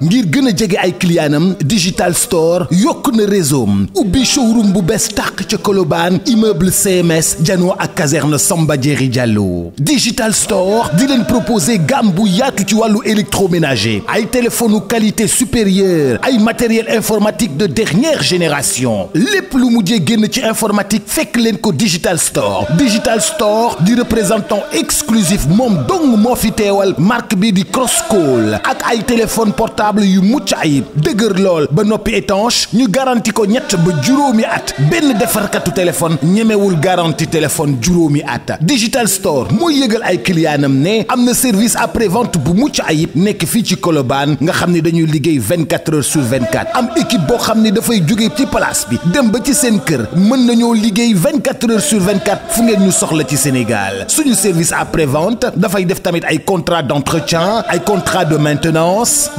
ngir gën a jege ay clientam digital store yokk na réseau ubbi showroom bu bees tàq ca Colobane immeuble CMS janoo ak caserne Samba Diéry Diallo digital store di leen proposer gamme bu yaatu ci wàllu électroménager ay téléphone qualité supérieure ay matériel informatique de dernière génération lépp lu mujjee génn ci informatique fekk leen ko digital store digital di représentant exclusif moom dong moo fi teewal marque bi di Crosscall ak ay téléphone portable portable yu mucc ayib dëgër lool ba noppi étanche ñu garanti ko ñett ba juróomi at benn defarkatu téléphone ñemewul garanti téléphone juróomi at digital store mooy yëgal ay clientam ne am na service après vente bu mucc ayib nekk fii ci Colobane nga xam ne dañuy liggéey 24 heures sur 24 am équipe boo xam ne dafay jóge ci place bi dem ba ci seen kër mën nañoo liggéey 24 heures sur 24 fu ngeen ñu soxla ci Sénégal suñu service après vente dafay def tamit ay contrat d'entretien ay contrat de maintenance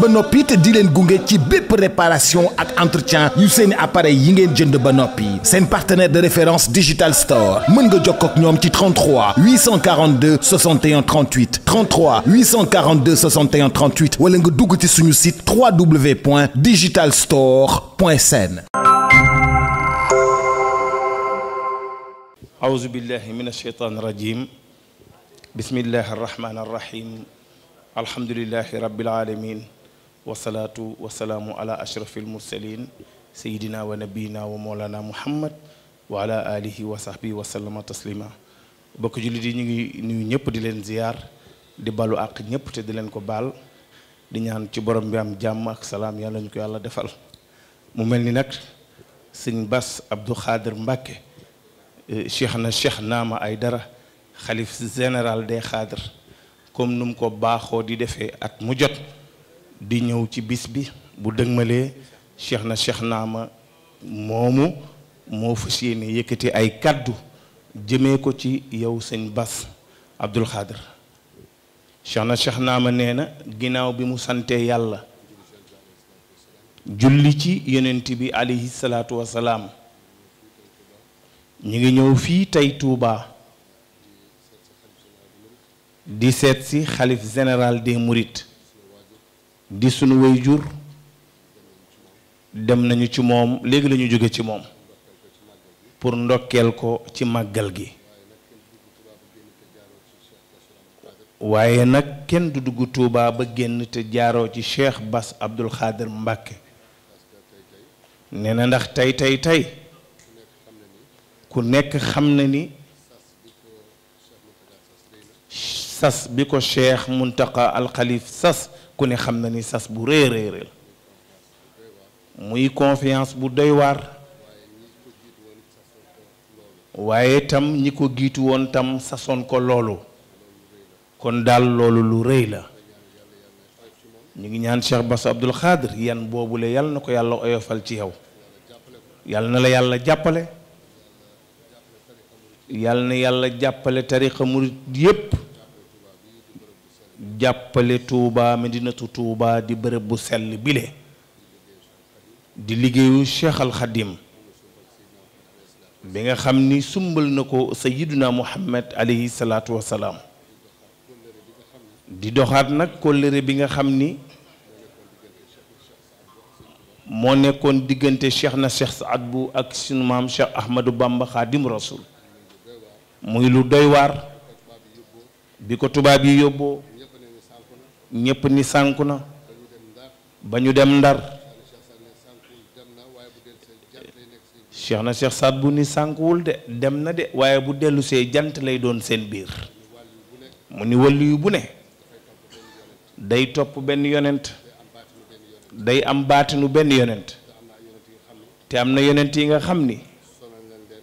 it di leen gunge ci bépp réparation ak entretien yu seen appareil yi ngeen jënd ba noppi seen partenaire de référence Digital Store mën nga jokkoo ak ñoom ci 33 842 61 38 33 842 61 38 wala nga dugg ci suñu site www.digitalstore.sn أعوذ بالله من الشيطان الرجيم بسم الله الرحمن الرحيم الحمد لله رب العالمين wasalaatu wasalaamu ala ashrafil mursalin sayidina wa nabiyina wa moolana muhammad wa ala alihi wa sahbi wa sallama taslima bokk jullit yi ñu ngi nuyu ñëpp di leen ziyaar di balu àq ñépp te di leen ko baal di ñaan ci borom bi am jàmm ak salaam yàlla ñu ko yàlla defal mu mel ni nag sëñ Bass Abdou Khader Mbacke cheikh na cheikh naama ay dara xalif général de Khader comme nu mu ko baaxoo di defee ak mu jot di ñëw ci bis bi bu dëgmalee cheikh na cheikh naama moomu moo fas yéene yëkkati ay kàddu jëmee ko ci yow sëñ bas Abdou Khadre cheikh na cheikh naama nee na ginnaaw bi mu santee yàlla julli ci yonent bi aleyhi salaatu wasalaam ñu ngi ñëw fii tey Touba di seet si xalif général de Mourides di sunu way jur dem nañu ci moom léegi lañu jóge ci moom pour ndokkeel ko ci màggal gi waaye nag kenn du dugg Tuubaa ba génn te jaaroo ci Cheikh Bass Abdou Khadre Mbacké nee ndax tey tey tey ku nekk xam na ni sas bi ko Cheikh Muntaqa al Khalif sas ku ne xam na ni sas bu rëy rëy muy confiance bu doy waar waaye tam ñi ko giitu woon tam sasoon ko loolu kon daal loolu lu rëy la ñu ngi ñaan Cheikh Bass Abdou Khadre yan boobule yàlla na ko yàlla oyofal ci yow yàlla na la yàlla jàppale yàlla na yàlla jàppale tarixa murit yépp jàppale Touba Medinatu tuuba di bërëb bu sell bile di liggéeyu Cheikhal Khadim bi nga xam ni sumbal na ko sayyiduna Muhammad alayhi salaatu salaam di doxaat nag kóllëre bi nga xam ni moo nekkoon diggante Cheikh na Cheikh Saad bu ak sunu maam Cheikh Ahmadou Bamba Khadim muy lu doy waar bi ko tubaab yi yóbboo ñépp ni sànku na ba ñu dem ndar cheikh na cheikh saat bu ni sànkuwul de dem na de waaye bu dellu see jant lay doon seen biir mu ni wàllu yu bu ne day topp benn yonent day am baatinu benn yonent te am na yonent yi nga xam ni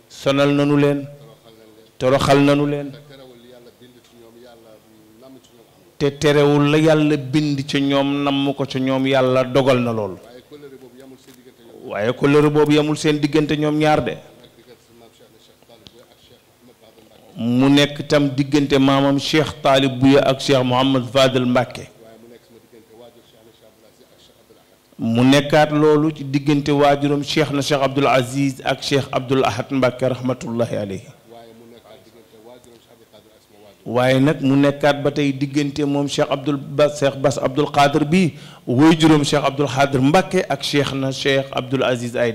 sonal nanu leen toroxal nanu leen te terewul la yàlla bind ca ñoom namm ko ca ñoom yàlla dogal na loolu waaye kóllëre boobu yamul seen diggante ñoom ñaar de mu nekk tam diggante maamam Cheikh Taalib Buya ak Cheikh Mouhamad Fadel Mbàkke mu nekkaat loolu ci diggante waajuram Cheikh na Cheikh Abdoul Aziz ak Cheikh Abdoul Ahad Mbàkke rahmatullahi aleyhi waaye nag mu nekkaat ba tey diggante moom cheikh abdul ba cheikh bas abdul xaadir bi woy juróom cheikh abdul xaadir mbàkke ak cheikh na cheikh abdul aziz ay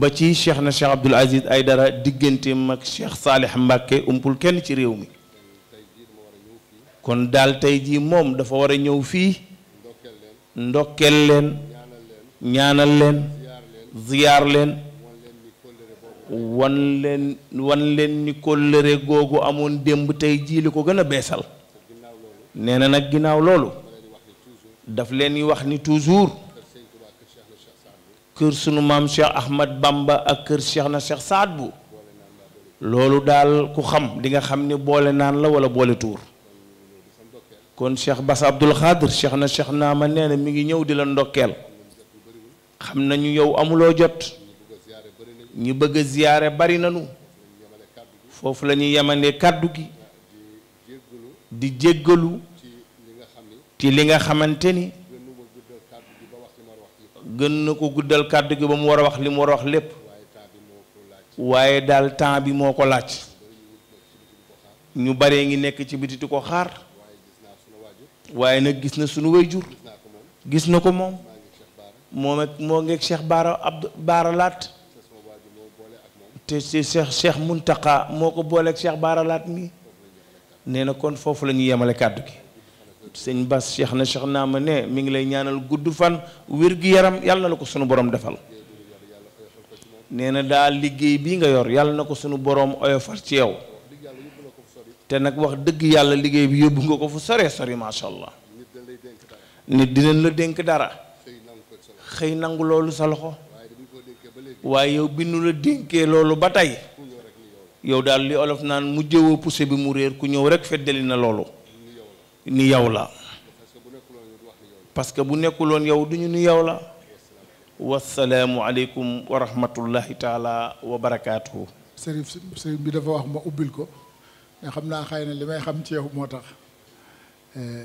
ba ci cheikh na cheikh abdul aziz aydara digganteem ak cheikh saalih mbàkke umpul kenn ci réew mi kon daal tey jii moom dafa war a ñëw fii ndokkeel leen ñaanal leen ziyaar leen wan leen wan leen ni kóllëre googu amoon démb tey jii li ko gën a beesal nee na nag ginnaaw loolu daf leen di wax ni toujours kër sunu maam Cheikh Ahmad Bamba ak kër Cheikh na Cheikh saat bu loolu daal ku xam di nga xam ni boole naan la wala boole tuur kon Cheikh Bass Abdoul Khadir Cheikh na Cheikh naa ma nee na mi ngi ñëw di la ndokkeel xam nañu yow amuloo jot ñu bëgg a ziyaare bari nanu foofu la ñuy yemande kàddu gi di jéggalu ci li nga xamante ni gën na ko guddal kàddu gi ba mu war a wax li mu war a wax lépp waaye daal temps bi moo ko laaj ñu baree ngi nekk ci biti di ko xaar waaye nag gis na sunu wayjur gis na ko moom moom ak moo ngeeg Cheikh Baara Abdou Baara Laat te si Cheikh mun Muntaqa moo ko booleek Cheikh Baaralaat mi nee na kon foofu la ñu yemale kàddu gi sëñ Bas Cheikh na Cheikh naa ma ne mi ngi lay ñaanal gudd fan wér gi yaram yàlla la ko sunu borom defal nee na daal liggéey bii nga yor yàlla na ko sunu borom oyofal ci yow te nag wax dëgg yàlla liggéey bi yóbbu nga ko fu sore sori macha allah nit dinañ la dénk dara xëy nangu loolu sa loxo. waaye yow bi nu la dénkee loolu ba tey yow daal li olof naan mu jëwoo poussé bi mu réer ku ñëw rek feddali na loolu ni yow la parce que bu nekkuloon yow du ñu ni yaw la wasalaamu aleykum wa rahmatullahi taala wa barakaatuhu sëriñ bi dafa wax ma ubbil ko nga xam naa xëy na li may xam ci yow moo tax eh,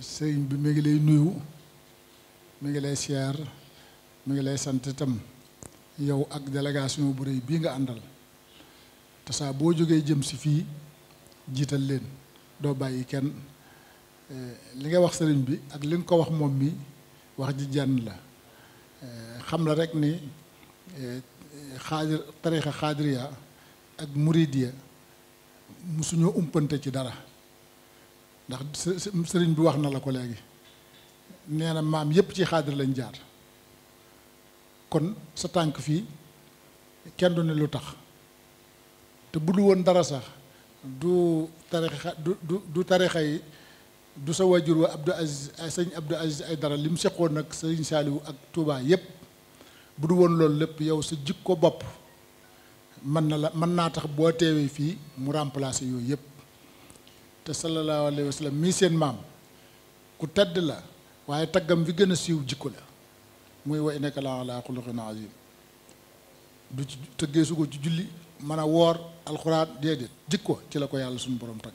sëriñ bi mi ngi lay nuyu mi ngi lay siyaar mi ngi lay sant itam yow ak délégation bu rëy bii nga àndal tasaa boo jógee jëm si fii jiital leen doo bàyyi kenn eh, li nga wax sëriñ bi ak li nga ko wax moom mi wax ji jànn la eh, xam la rek ni eh, xaadir tarixa xaadiriya ak muridiya musuñoo umpante ci dara ndax sëriñ bi wax na la ko léegi nee na maam yépp ci xaadir lañ jaar kon sa tànk fii kenn du ne lu tax te bu dul woon dara sax du tarixa du du du tarixa yi du sa wajur wa Abdou Aziz sëñ Abdou Aziz ay dara li mu seqoon ak sëñ Saaliwu ak Touba yépp bu du woon loolu lépp yow sa jikko bopp mën na la mën naa tax boo teewee fii mu remplacer yooyu yépp te sallallahu alayhi wa mii seen maam ku tedd la waaye taggam bi gën a siiw jikko la muy wa innaka la ala xuluqin azim du ci tëggee su ko ci julli mën a woor alxuraan déedéet jikko ci la ko yàlla suñu borom tagg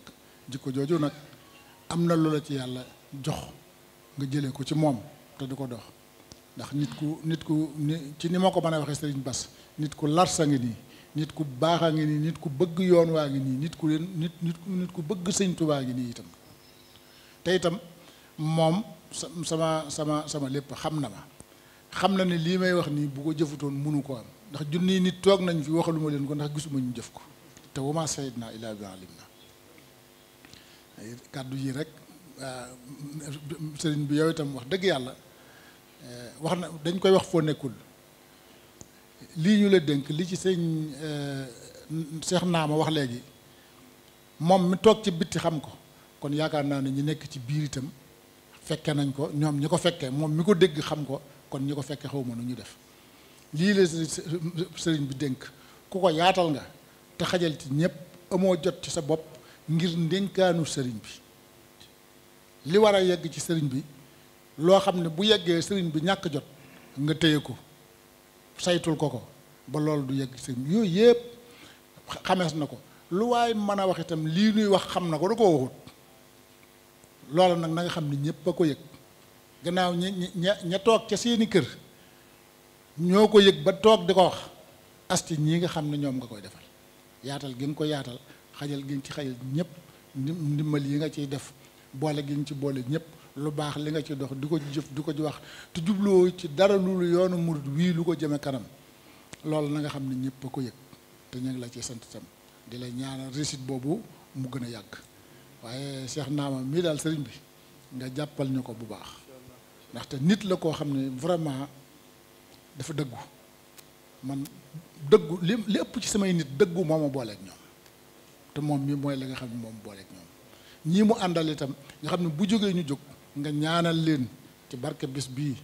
jikko joojoo nag am na loola ci yàlla jox nga jëlee ko ci moom te di ko dox ndax nit ku nit ku ci ni ma ko mën a waxee sëriñ Bas nit ku larsa ngi nii nit ku baax a ngi nii nit ku bëgg yoon waa ngi nii nit ku leen nit nit ku bëgg sëñ Tuubaa ngi nii itam te itam moom sama sama sama lépp xam na ma xam na ne lii may wax nii bu ko jëfutoon munu ko am ndax junni nit toog nañ fi waxaluma leen ko ndax gisuma ñu jëf ko te wama sayid naa ilaa bi kàddu yi rek ah, sëriñ bi yow itam wax dëgg yàlla eh, wax na dañ koy wax foo nekkul lii ñu la dénk li ci sëñ seex eh, naa ma wax léegi moom mi toog ci bitti xam ko kon yaakaar naa ne ñi nekk ci biir itam fekke nañ ko ñoom ñi ko fekke moom mi ko dégg xam ko kon ñi ko fekkee xaw ma nu ñu def lii la sëriñ bi dénk ku ko yaatal nga te xajal ci ñëpp amoo jot ci sa bopp ngir ndénkaanu sëriñ bi li war a yegg ci sëriñ bi loo xam ne bu yeggee sëriñ bi ñàkk jot nga téye ko saytul ko ko ba lool du yegg sëriñ bi yooyu yëpp xamees na ko lu waay mën a wax itam lii nuy wax xam na ko da ko waxut loolu nag nanga xam ne ñëpp a ko yëg gannaaw ña ña ña toog ca seeni kër ñoo ko yëg ba toog di ko wax asti ñii nga xam ne ñoom nga koy defal yaatal gi nga ko yaatal xajal gi nga ci xajal ñëpp ndimbal yi nga ciy def boole gi nga ci boole ñëpp lu baax li nga ci dox di ko jëf di ko wax jubloo ci dara lu yoonu murid wii lu ko jëme kanam loolu na nga xam ne ñëpp a ko yëg te ñu ngi la ci sant tam di la ñaanal réussite boobu mu gën a yàgg waaye Cheikh Naama mii daal sëriñ bi nga jàppal ñu ko bu baax ndaxte nit la koo xam ne vraiment dafa dëggu man dëggu li li ëpp ci samay nit dëggu moo booleek booleeg ñoom te moom mii mooy la nga xam ne moom booleeg ñoom ñii mu àndal itam nga xam ne bu jógee ñu jóg nga ñaanal leen ci barke bis bii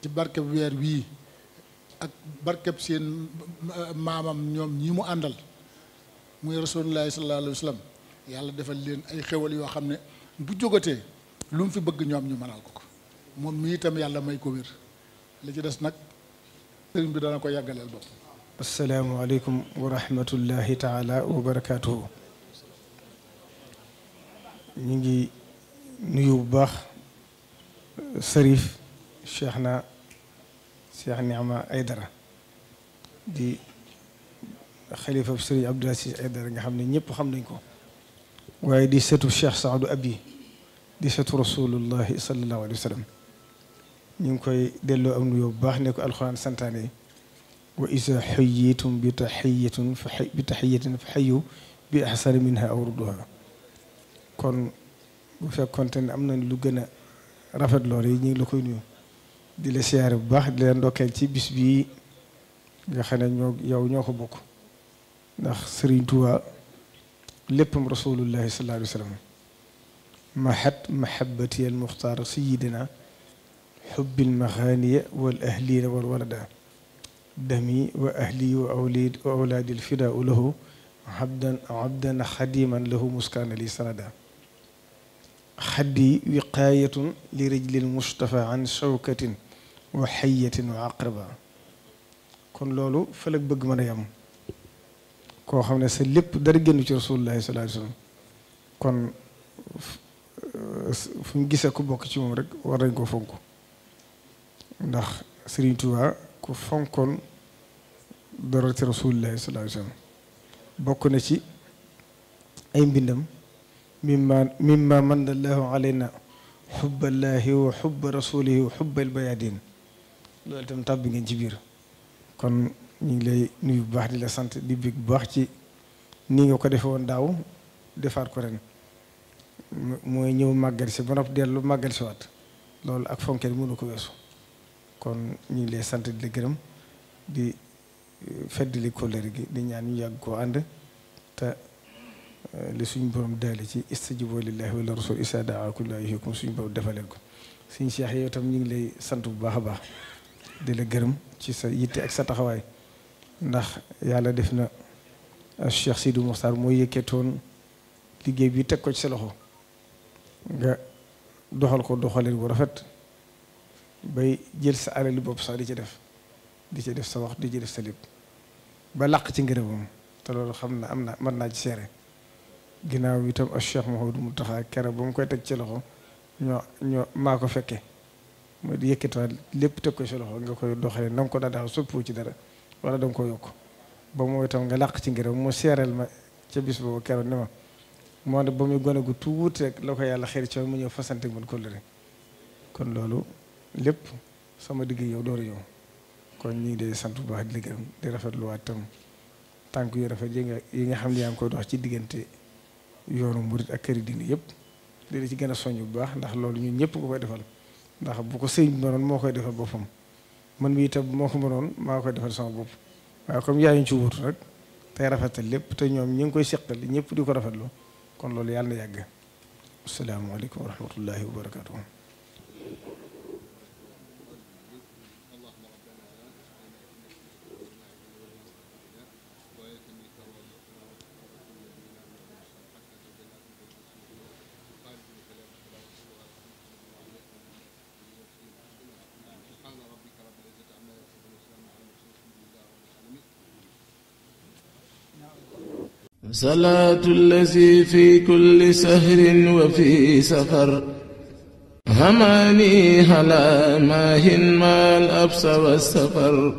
ci barkeb weer wii ak barkeb seen maamam ñoom ñii mu àndal muy rasulullahi sallallahu alayhi wa sallam yàlla defal leen ay xewal yoo xam ne bu jógatee lu mu fi bëgg ñoom ñu manal ko ko moom mii itam yàlla may ko wér li ci des nag sëriñ bi dana ko yàggaleel bopp asalaamaaleykum wa rahmatullahi taala wa barakaatuhu ñu ngi nuyu bu baax euh, sërif cheikh na cheikh Niama Aydara di xalifa sëriñ Abdoul Aziz Aydara nga xam ne ñëpp xam nañ ko waaye di setu cheikh Saadu Abi di setu rasulullahi sallallahu alayhi wa sallam ñu ngi koy delloo am nuyoo bu baax ne ko alxuraan santaane wa isa xuyyitum bi taxiyatin fa bi taxiyatin fa bi ahsana minha aw rudduha kon bu fekkonte ni am na lu gën a rafet lool yi ñu la koy nuyoo di la siyaare bu baax di leen ndokkeel ci bis bii nga xam ñoo yow ñoo ko bokk ndax Sëriñ Tuubaa léppam rasulullahi sallallahu alayhi wa sallam mahat mahabbati al muxtaar sayidina xubbi almaxaaniya wal ahliina wal walada dami wa ahli wa awlid wa awlaadi alfidaau lahu abdan abdan xadiman lahu muskaana li sanada xaddi wiqaayatun li rijlil mustafa an shawkatin wa xayatin wa aqraba kon loolu fa la bëgg mën a yam koo xam ne sa lépp dara génn ci rasulullahi sallallahu alayhi wasallam kon fu ñu gisee ku bokk ci moom rek war nañ koo fonk ndax Sëriñ Tuubaa ku fonkoon darati rasulillahi sallallahu bokk na ci ay mbindam mimma mimma man llaahu alayna xubballaahi wa xubba rasulihi wa xubbal bayaadin loolu itam tàbbi ngeen ci biir kon ñu ngi lay nuyu baax di la sant di bég bu baax ci nii nga ko defe woon daaw defaat ko ren mooy ñëw màggal si ba noppi dellu màggal si waat loolu ak fonke mënu ko weesu kon ñu ngi lay sant di la gërëm di euh, feddali kóllëre gi di ñaan ñu yàgg koo ànd te euh, li suñu borom daali ci istajibu lillahi wala rasul isa daakum laa yuhyikum suñ borom defaleen ko suñ Cheikh yow tam ñu ngi lay sant bu baax a baax di la gërëm ci sa yitte ak sa taxawaay ndax yàlla def na euh, Cheikh Sidou Mokhtar moo yëkkatoon liggéey bi teg ko ci sa loxo nga doxal ko doxalin bu rafet bay jël sa alali bopp sax di ci def di ci def sa wax di ci def sa lépp ba làq ci ngërëmam te loolu xam na am na mën naa ci seere ginnaaw bi itam ak Cheikh Mouhamadou Mountakha keroog ba mu koy teg ci loxo ñoo ñoo maa ko fekke mu di yëkkatiwaat lépp teg ko ci loxo nga koy doxalee na nga ko daa daal ci dara wala da ko yokk ba mooy itam nga làq ci ngërëm mu seereel ma ca bis boobu keroog ni ma moo ne ba muy gone gu tuuti rek la ko yàlla xëy ci mu ñëw fasante mun ko kon loolu lépp sama digg yow door yow kon ñu dee sant bu baax di la gërëm di tam tànk yu rafet yi nga yi nga xam ne yaa ngi koy dox ci diggante yoonu murit ak këri diine yëpp dina ci gën a soññ bu baax ndax loolu ñu ñëpp ko koy defal ndax bu ko sëñ bi mënoon moo koy defal boppam man mii itam moo ko mënoon maa koy defal sama bopp waaye comme yaa ñu ci wutu rek tey rafetal lépp te ñoom ñu ngi koy seqal ñëpp di ko rafetlu kon loolu yàlla na yàgg. asalaamaaleykum wa rahmatullahi wa barakatuh. salaatu allazi fi kulli sahrin wa fi safar hamaani ala maahin maal absa wa safar